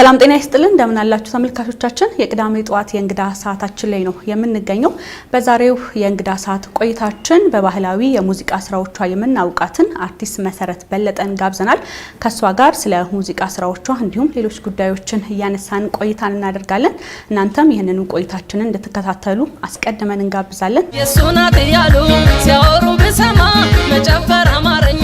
ሰላም ጤና ይስጥልን እንደምን አላችሁ ተመልካቾቻችን። የቅዳሜ ጠዋት የእንግዳ ሰዓታችን ላይ ነው የምንገኘው። በዛሬው የእንግዳ ሰዓት ቆይታችን በባህላዊ የሙዚቃ ስራዎቿ የምናውቃትን አርቲስት መሰረት በለጠን ጋብዘናል። ከእሷ ጋር ስለ ሙዚቃ ስራዎቿ እንዲሁም ሌሎች ጉዳዮችን እያነሳን ቆይታን እናደርጋለን። እናንተም ይህንኑ ቆይታችንን እንድትከታተሉ አስቀድመን እንጋብዛለን። የሱናት እያሉ ሲያወሩ ብሰማ መጨፈር አማረኛ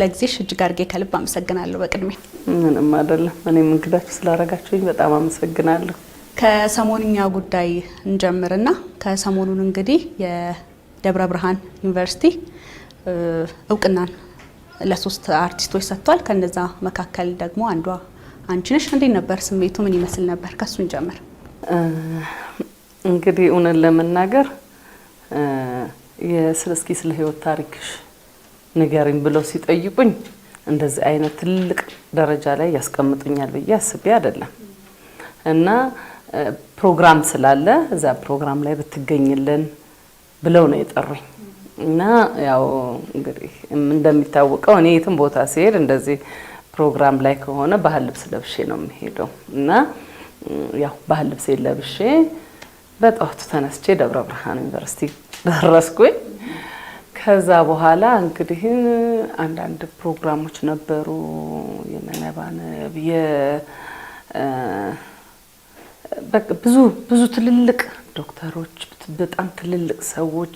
ስለ ጊዜሽ እጅግ አድርጌ ከልብ አመሰግናለሁ። በቅድሜ ምንም አይደለም። እኔም እንግዳችሁ ስላረጋችሁኝ በጣም አመሰግናለሁ። ከሰሞንኛ ጉዳይ እንጀምርና ከሰሞኑን እንግዲህ የደብረ ብርሃን ዩኒቨርሲቲ እውቅናን ለሶስት አርቲስቶች ሰጥቷል። ከነዛ መካከል ደግሞ አንዷ አንቺ ነሽ። እንዴት ነበር ስሜቱ? ምን ይመስል ነበር? ከሱ ጀምር። እንግዲህ እውነት ለመናገር የስለስኪ ስለ ህይወት ታሪክሽ ንገሪኝ ብለው ሲጠይቁኝ እንደዚህ አይነት ትልቅ ደረጃ ላይ ያስቀምጡኛል ብዬ አስቤ አይደለም እና ፕሮግራም ስላለ እዛ ፕሮግራም ላይ ብትገኝልን ብለው ነው የጠሩኝ። እና ያው እንግዲህ እንደሚታወቀው እኔ የትም ቦታ ሲሄድ እንደዚህ ፕሮግራም ላይ ከሆነ ባህል ልብስ ለብሼ ነው የሚሄደው። እና ያው ባህል ልብስ ለብሼ በጠዋቱ ተነስቼ ደብረ ብርሃን ዩኒቨርሲቲ ደረስኩኝ። ከዛ በኋላ እንግዲህ አንዳንድ ፕሮግራሞች ነበሩ። የመነባነብ ብዙ ብዙ ትልልቅ ዶክተሮች፣ በጣም ትልልቅ ሰዎች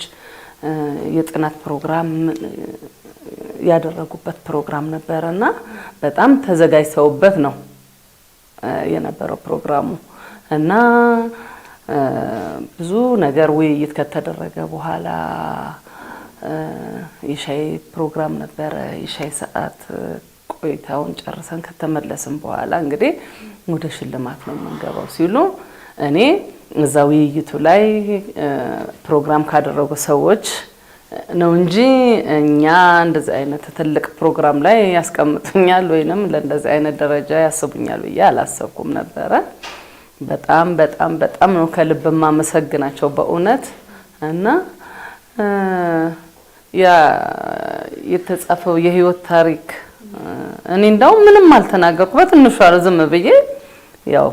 የጥናት ፕሮግራም ያደረጉበት ፕሮግራም ነበረ እና በጣም ተዘጋጅተውበት ነው የነበረው ፕሮግራሙ እና ብዙ ነገር ውይይት ከተደረገ በኋላ የሻይ ፕሮግራም ነበረ። የሻይ ሰዓት ቆይታውን ጨርሰን ከተመለስን በኋላ እንግዲህ ወደ ሽልማት ነው የምንገባው ሲሉ እኔ እዛ ውይይቱ ላይ ፕሮግራም ካደረጉ ሰዎች ነው እንጂ እኛ እንደዚህ አይነት ትልቅ ፕሮግራም ላይ ያስቀምጡኛል ወይንም ለእንደዚህ አይነት ደረጃ ያስቡኛል ብዬ አላሰብኩም ነበረ። በጣም በጣም በጣም ነው ከልብ የማመሰግናቸው በእውነት እና የተጻፈው የህይወት ታሪክ እኔ እንደው ምንም አልተናገርኩ፣ በትንሹ ዝም ብዬ ያው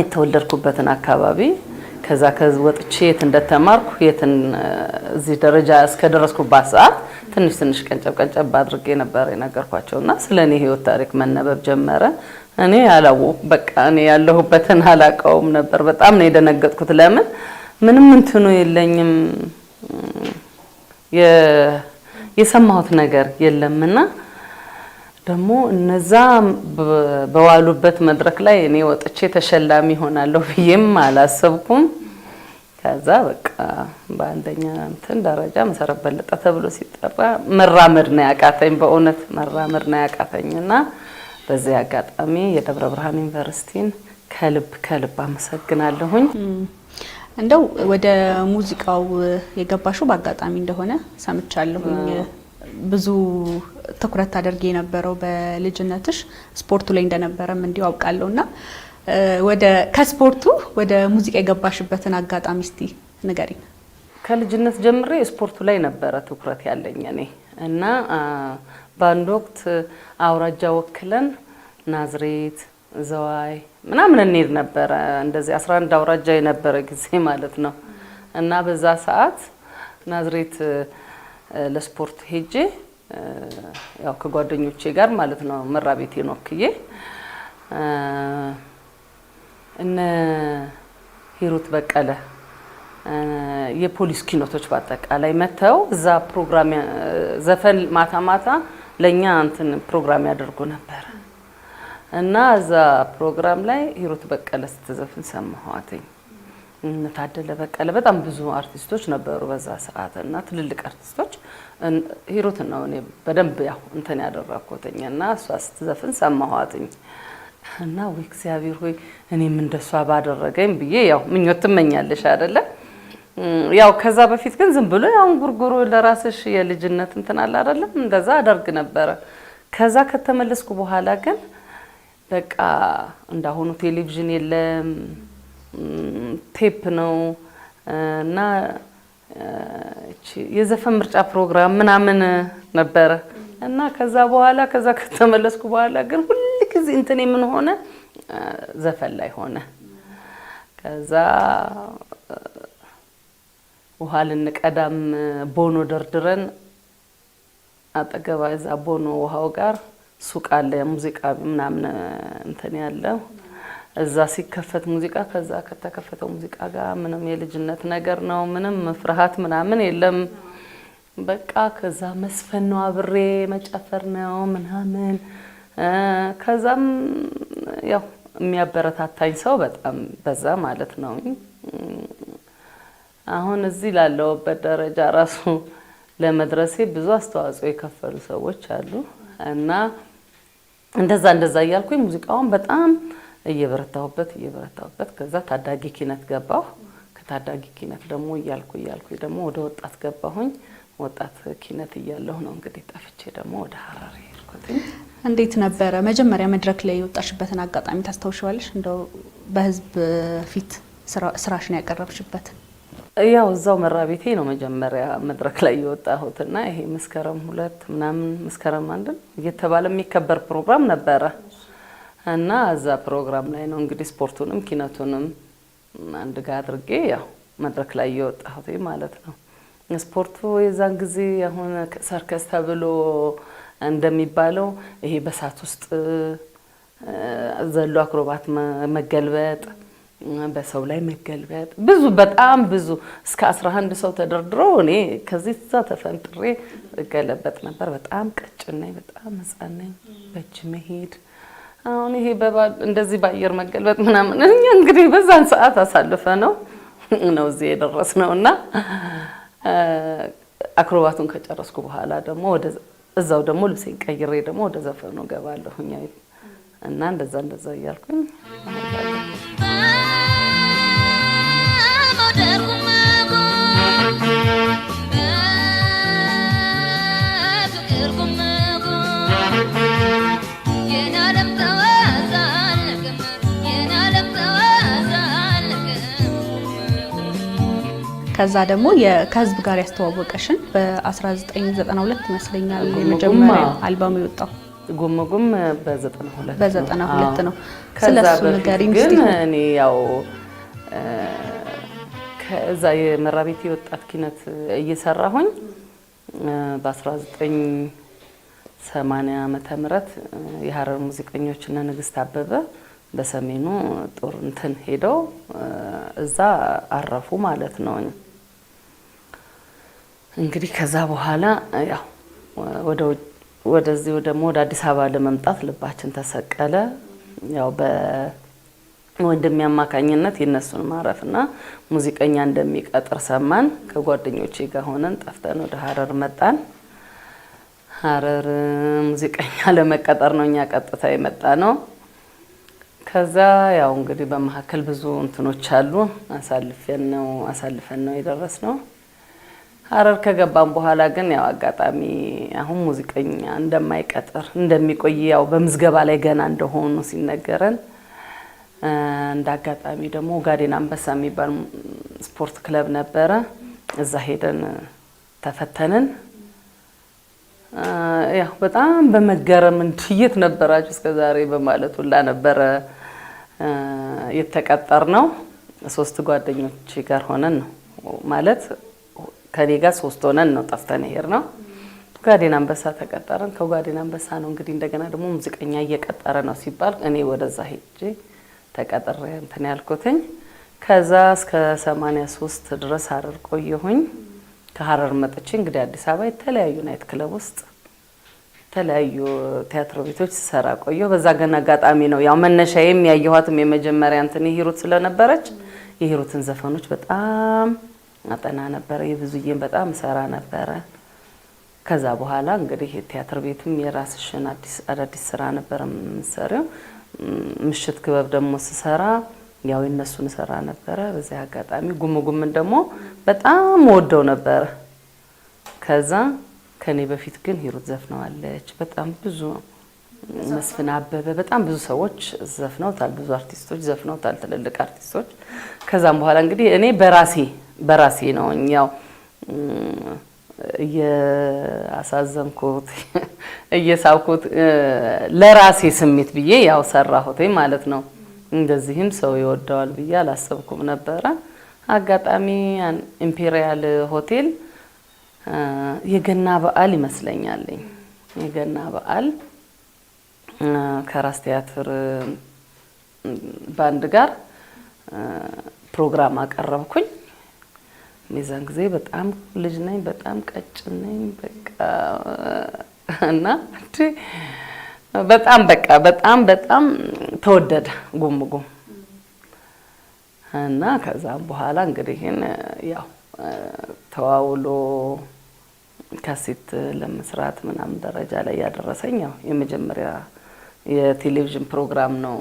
የተወለድኩበትን አካባቢ ከዛ ከወጥቼ ወጥቼ የት እንደተማርኩ የትን እዚህ ደረጃ እስከደረስኩባት ሰዓት ትንሽ ትንሽ ቀንጨብ ቀንጨብ አድርጌ ነበር የነገርኳቸው እና ስለ እኔ ህይወት ታሪክ መነበብ ጀመረ። እኔ አላው በቃ እኔ ያለሁበትን አላቀውም ነበር። በጣም ነው የደነገጥኩት። ለምን ምንም እንትኑ የለኝም የሰማሁት ነገር የለምና ደግሞ እነዛ በዋሉበት መድረክ ላይ እኔ ወጥቼ ተሸላሚ ሆናለሁ ብዬም አላሰብኩም። ከዛ በቃ በአንደኛ እንትን ደረጃ መሰረት በለጠ ተብሎ ሲጠራ መራመድ ነው ያቃተኝ፣ በእውነት መራመድ ነው ያቃተኝ እና በዚህ አጋጣሚ የደብረ ብርሃን ዩኒቨርሲቲን ከልብ ከልብ አመሰግናለሁኝ። እንደው ወደ ሙዚቃው የገባሽው በአጋጣሚ እንደሆነ ሰምቻለሁኝ። ብዙ ትኩረት ታደርጊ የነበረው በልጅነትሽ ስፖርቱ ላይ እንደነበረም እንዲሁ አውቃለሁ እና ወደ ከስፖርቱ ወደ ሙዚቃ የገባሽበትን አጋጣሚ እስቲ ንገሪኝ። ከልጅነት ጀምሬ ስፖርቱ ላይ ነበረ ትኩረት ያለኝ እኔ እና በአንድ ወቅት አውራጃ ወክለን ናዝሬት ዘዋይ ምናምን እንሄድ ነበረ። እንደዚህ 11 አውራጃ የነበረ ጊዜ ማለት ነው። እና በዛ ሰዓት ናዝሬት ለስፖርት ሄጄ ያው ከጓደኞቼ ጋር ማለት ነው መራ ቤት ወክዬ እነ ሂሩት በቀለ የፖሊስ ኪኖቶች በአጠቃላይ መተው እዛ ፕሮግራም ዘፈን ማታ ማታ ለእኛ እንትን ፕሮግራም ያደርጉ ነበር። እና እዛ ፕሮግራም ላይ ሂሩት በቀለ ስትዘፍን ሰማኋትኝ። ታደለ በቀለ በጣም ብዙ አርቲስቶች ነበሩ በዛ ሰዓት እና ትልልቅ አርቲስቶች ሂሩት ነው እኔ በደንብ ያው እንትን ያደረኩትኝ እና እሷ ስትዘፍን ሰማኋትኝ እና ወይ እግዚአብሔር ሆይ እኔም እንደሷ ባደረገኝ ብዬ ያው ምኞት ትመኛለሽ አይደለ? ያው ከዛ በፊት ግን ዝም ብሎ ያው ጉርጉሮ ለራስሽ የልጅነት እንትን አለ አይደለም፣ እንደዛ አደርግ ነበረ። ከዛ ከተመለስኩ በኋላ ግን በቃ እንዳሁኑ ቴሌቪዥን የለም፣ ቴፕ ነው እና የዘፈን ምርጫ ፕሮግራም ምናምን ነበረ እና ከዛ በኋላ ከዛ ከተመለስኩ በኋላ ግን ሁል ጊዜ እንትን የምን ሆነ ዘፈን ላይ ሆነ። ከዛ ውሃ ልንቀዳም ቦኖ ደርድረን አጠገባ ዛ ቦኖ ውሃው ጋር ሱቅ አለ ሙዚቃ ምናምን እንትን ያለው እዛ ሲከፈት ሙዚቃ ከዛ ከተከፈተው ሙዚቃ ጋር ምንም የልጅነት ነገር ነው። ምንም ፍርሃት ምናምን የለም። በቃ ከዛ መስፈን ነው አብሬ መጨፈር ነው ምናምን። ከዛም ያው የሚያበረታታኝ ሰው በጣም በዛ ማለት ነው። አሁን እዚህ ላለውበት ደረጃ ራሱ ለመድረሴ ብዙ አስተዋጽኦ የከፈሉ ሰዎች አሉ እና እንደዛ እንደዛ እያልኩኝ ሙዚቃውን በጣም እየበረታሁበት እየበረታሁበት ከዛ ታዳጊ ኪነት ገባሁ። ከታዳጊ ኪነት ደግሞ እያልኩ እያልኩ ደግሞ ወደ ወጣት ገባሁኝ። ወጣት ኪነት እያለሁ ነው እንግዲህ ጠፍቼ ደግሞ ወደ ሀራሪ ሄድኩትኝ። እንዴት ነበረ መጀመሪያ መድረክ ላይ የወጣሽበትን አጋጣሚ ታስታውሸዋለሽ? እንደው በህዝብ ፊት ስራሽን ያቀረብሽበትን ያው እዛው መራ ቤቴ ነው መጀመሪያ መድረክ ላይ የወጣሁት እና ይሄ መስከረም ሁለት ምናምን መስከረም አንድን እየተባለ የሚከበር ፕሮግራም ነበረ እና እዛ ፕሮግራም ላይ ነው እንግዲህ ስፖርቱንም ኪነቱንም አንድ ጋ አድርጌ ያው መድረክ ላይ የወጣሁት ማለት ነው። ስፖርቱ የዛን ጊዜ አሁን ሰርከስ ተብሎ እንደሚባለው ይሄ በሳት ውስጥ ዘሎ አክሮባት መገልበጥ በሰው ላይ መገልበጥ ብዙ በጣም ብዙ እስከ 11 ሰው ተደርድሮ እኔ ከዚህ እዛ ተፈንጥሬ እገለበጥ ነበር። በጣም ቀጭን ነኝ፣ በጣም ሕፃን ነኝ። በእጅ መሄድ አሁን ይሄ እንደዚህ በአየር መገልበጥ ምናምን እኛ እንግዲህ በዛን ሰዓት አሳልፈ ነው ነው እዚህ የደረስ ነው እና አክሮባቱን ከጨረስኩ በኋላ ደግሞ እዛው ደግሞ ልብሴን ቀይሬ ደግሞ ወደ ዘፈኑ ገባለሁኛ እና እንደዛ እንደዛ እያልኩኝ ከዛ ደግሞ ከህዝብ ጋር ያስተዋወቀሽን በ1992 ይመስለኛል የመጀመሪያ አልበሙ የወጣው ጉም ጉም በ92 ነው። ስለሱ ንገሪኝ። ግን እኔ ያው ከዛ የመራቤቴ ወጣት ኪነት እየሰራሁኝ በ1980 ዓመተ ምህረት የሀረር ሙዚቀኞችና ንግስት አበበ በሰሜኑ ጦር እንትን ሄደው እዛ አረፉ ማለት ነው። እንግዲህ ከዛ በኋላ ያው ወደ ወደዚህ ደግሞ ወደ አዲስ አበባ ለመምጣት ልባችን ተሰቀለ ያው ወንድሜ አማካኝነት የነሱን ማረፍና ሙዚቀኛ እንደሚቀጥር ሰማን። ከጓደኞቼ ጋር ሆነን ጠፍተን ወደ ሀረር መጣን። ሀረር ሙዚቀኛ ለመቀጠር ነው እኛ ቀጥታ የመጣ ነው። ከዛ ያው እንግዲህ በመካከል ብዙ እንትኖች አሉ አሳልፈን ነው አሳልፈን ነው የደረስ ነው። ሀረር ከገባን በኋላ ግን ያው አጋጣሚ አሁን ሙዚቀኛ እንደማይቀጥር እንደሚቆይ ያው በምዝገባ ላይ ገና እንደሆኑ ሲነገረን እንደ አጋጣሚ ደግሞ ኦጋዴን አንበሳ የሚባል ስፖርት ክለብ ነበረ። እዛ ሄደን ተፈተንን። ያው በጣም በመገረም የት ነበራችሁ ዛሬ በማለት ሁላ ነበረ የተቀጠር ነው። ሶስት ጓደኞች ጋር ሆነን ነው ማለት ከኔ ጋር ሶስት ሆነን ነው ጠፍተን ሄር ነው ኦጋዴን አንበሳ ተቀጠረን። ከኦጋዴን አንበሳ ነው እንግዲህ እንደገና ደግሞ ሙዚቀኛ እየቀጠረ ነው ሲባል እኔ ወደዛ ሄጄ ተቀጥሬ እንትን ያልኩትኝ። ከዛ እስከ 83 ድረስ ሀረር ቆየሁኝ። ከሀረር መጥቼ እንግዲህ አዲስ አበባ የተለያዩ ናይት ክለብ ውስጥ የተለያዩ ቲያትር ቤቶች ስሰራ ቆየሁ። በዛ ግን አጋጣሚ ነው ያው መነሻዬም ያየኋትም የመጀመሪያ እንትን የሂሩት ስለነበረች የሂሩትን ዘፈኖች በጣም አጠና ነበረ። የብዙዬን በጣም ሰራ ነበረ። ከዛ በኋላ እንግዲህ ቲያትር ቤትም የራስሽን አዳዲስ ስራ ነበር የምትሰሪው። ምሽት ክበብ ደግሞ ስሰራ ያው የእነሱን እሰራ ነበረ። በዚህ አጋጣሚ ጉምጉምን ደግሞ በጣም ወደው ነበረ። ከዛ ከኔ በፊት ግን ሂሩት ዘፍነዋለች። በጣም ብዙ መስፍን አበበ፣ በጣም ብዙ ሰዎች ዘፍነውታል። ብዙ አርቲስቶች ዘፍነውታል፣ ትልልቅ አርቲስቶች። ከዛም በኋላ እንግዲህ እኔ በራሴ በራሴ ነው እኛው እየአሳዘንኩት እየሳብኩት ለራሴ ስሜት ብዬ ያው ሰራሁት ማለት ነው። እንደዚህም ሰው ይወደዋል ብዬ አላሰብኩም ነበረ። አጋጣሚ ኢምፔሪያል ሆቴል የገና በዓል ይመስለኛል የገና በዓል ከራስ ቲያትር ባንድ ጋር ፕሮግራም አቀረብኩኝ። የዛን ጊዜ በጣም ልጅ ነኝ፣ በጣም ቀጭን ነኝ። በቃ እና በጣም በቃ በጣም በጣም ተወደደ ጉም ጉም እና ከዛም በኋላ እንግዲህ ያው ተዋውሎ ከሴት ለመስራት ምናምን ደረጃ ላይ ያደረሰኝ ያው የመጀመሪያ የቴሌቪዥን ፕሮግራም ነው።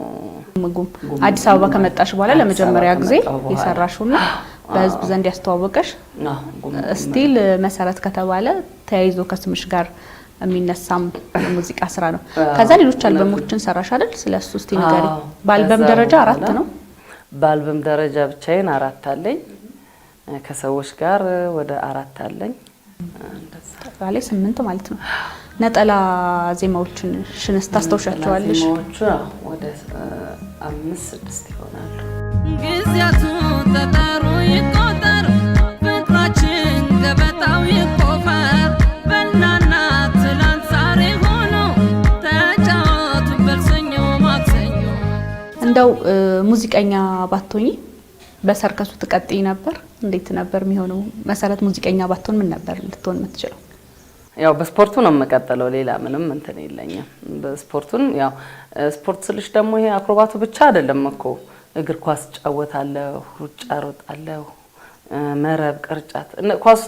ጉም አዲስ አበባ ከመጣሽ በኋላ ለመጀመሪያ ጊዜ የሰራሽው ነው። በህዝብ ዘንድ ያስተዋወቀሽ ስቲል መሰረት ከተባለ ተያይዞ ከስምሽ ጋር የሚነሳም ሙዚቃ ስራ ነው። ከዛ ሌሎች አልበሞችን ሰራሽ አይደል? ስለ እሱ እስቲ ንገሪ። በአልበም ደረጃ አራት ነው። በአልበም ደረጃ ብቻዬን አራት አለኝ። ከሰዎች ጋር ወደ አራት አለኝ። ጠቅላላ ስምንት ማለት ነው። ነጠላ ዜማዎችን ሽንስ ታስታውሻቸዋለሽ? ዜማዎቹ ወደ አምስት ስድስት ይሆናሉ። እንደው ሙዚቀኛ ባቶኝ በሰርከሱ ትቀጥይ ነበር? እንዴት ነበር የሚሆነው? መሰረት ሙዚቀኛ ባትሆን ምን ነበር ልትሆን የምትችለው? ያው በስፖርቱ ነው የምቀጥለው። ሌላ ምንም እንትን የለኝም። በስፖርቱን ያው ስፖርት ስልሽ ደግሞ ይሄ አክሮባቱ ብቻ አይደለም እኮ እግር ኳስ ጫወታለሁ፣ ሩጫ ሮጣለሁ፣ መረብ፣ ቅርጫት፣ ኳስ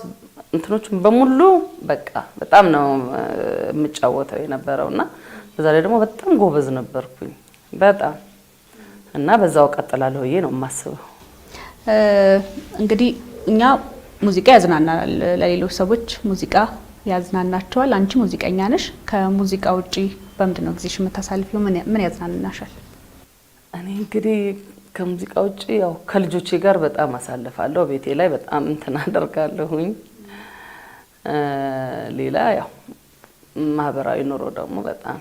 እንትኖችን በሙሉ በቃ በጣም ነው የምጫወተው የነበረው እና በዛ ላይ ደግሞ በጣም ጎበዝ ነበርኩኝ በጣም እና በዛው ቀጥላለሁ ብዬ ነው የማስበው። እንግዲህ እኛ ሙዚቃ ያዝናናል፣ ለሌሎች ሰዎች ሙዚቃ ያዝናናቸዋል። አንቺ ሙዚቀኛ ነሽ። ከሙዚቃ ውጪ በምንድን ነው ጊዜሽ የምታሳልፊው? ምን ያዝናናሻል? እኔ እንግዲህ ከሙዚቃ ውጭ ያው ከልጆቼ ጋር በጣም አሳልፋለሁ። ቤቴ ላይ በጣም እንትን አደርጋለሁኝ። ሌላ ያው ማህበራዊ ኑሮ ደግሞ በጣም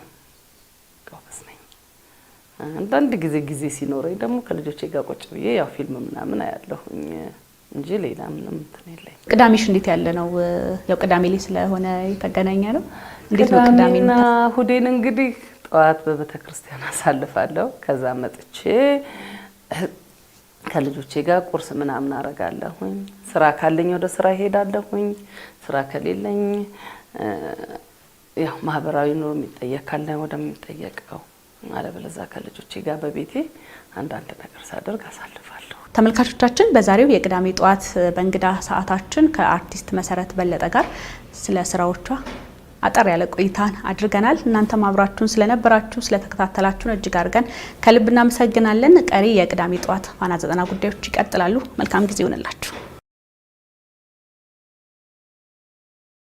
አንዳንድ ጊዜ ጊዜ ሲኖረኝ ደግሞ ከልጆቼ ጋር ቁጭ ብዬ ያው ፊልም ምናምን አያለሁኝ እንጂ ሌላ ምንም እንትን የለኝ። ቅዳሜሽ እንዴት ያለ ነው? ያው ቅዳሜ ላይ ስለሆነ የተገናኘ ነው። እንዴት ነው ቅዳሜና እሁዴን? እንግዲህ ጠዋት በቤተ ክርስቲያን አሳልፋለሁ። ከዛ መጥቼ ከልጆቼ ጋር ቁርስ ምናምን አረጋለሁኝ። ስራ ካለኝ ወደ ስራ ይሄዳለሁኝ። ስራ ከሌለኝ ያው ማህበራዊ ኑሮ የሚጠየቅ ካለ ወደሚጠየቀው አለበለዚያ ከልጆቼ ጋር በቤቴ አንዳንድ ነገር ሳደርግ አሳልፋለሁ። ተመልካቾቻችን በዛሬው የቅዳሜ ጠዋት በእንግዳ ሰዓታችን ከአርቲስት መሰረት በለጠ ጋር ስለ ስራዎቿ አጠር ያለ ቆይታን አድርገናል። እናንተ አብራችሁን ስለነበራችሁ ስለተከታተላችሁን እጅግ አድርገን ከልብ እናመሰግናለን። ቀሪ የቅዳሜ ጠዋት ፋና ዘጠና ጉዳዮች ይቀጥላሉ። መልካም ጊዜ ይሆንላችሁ።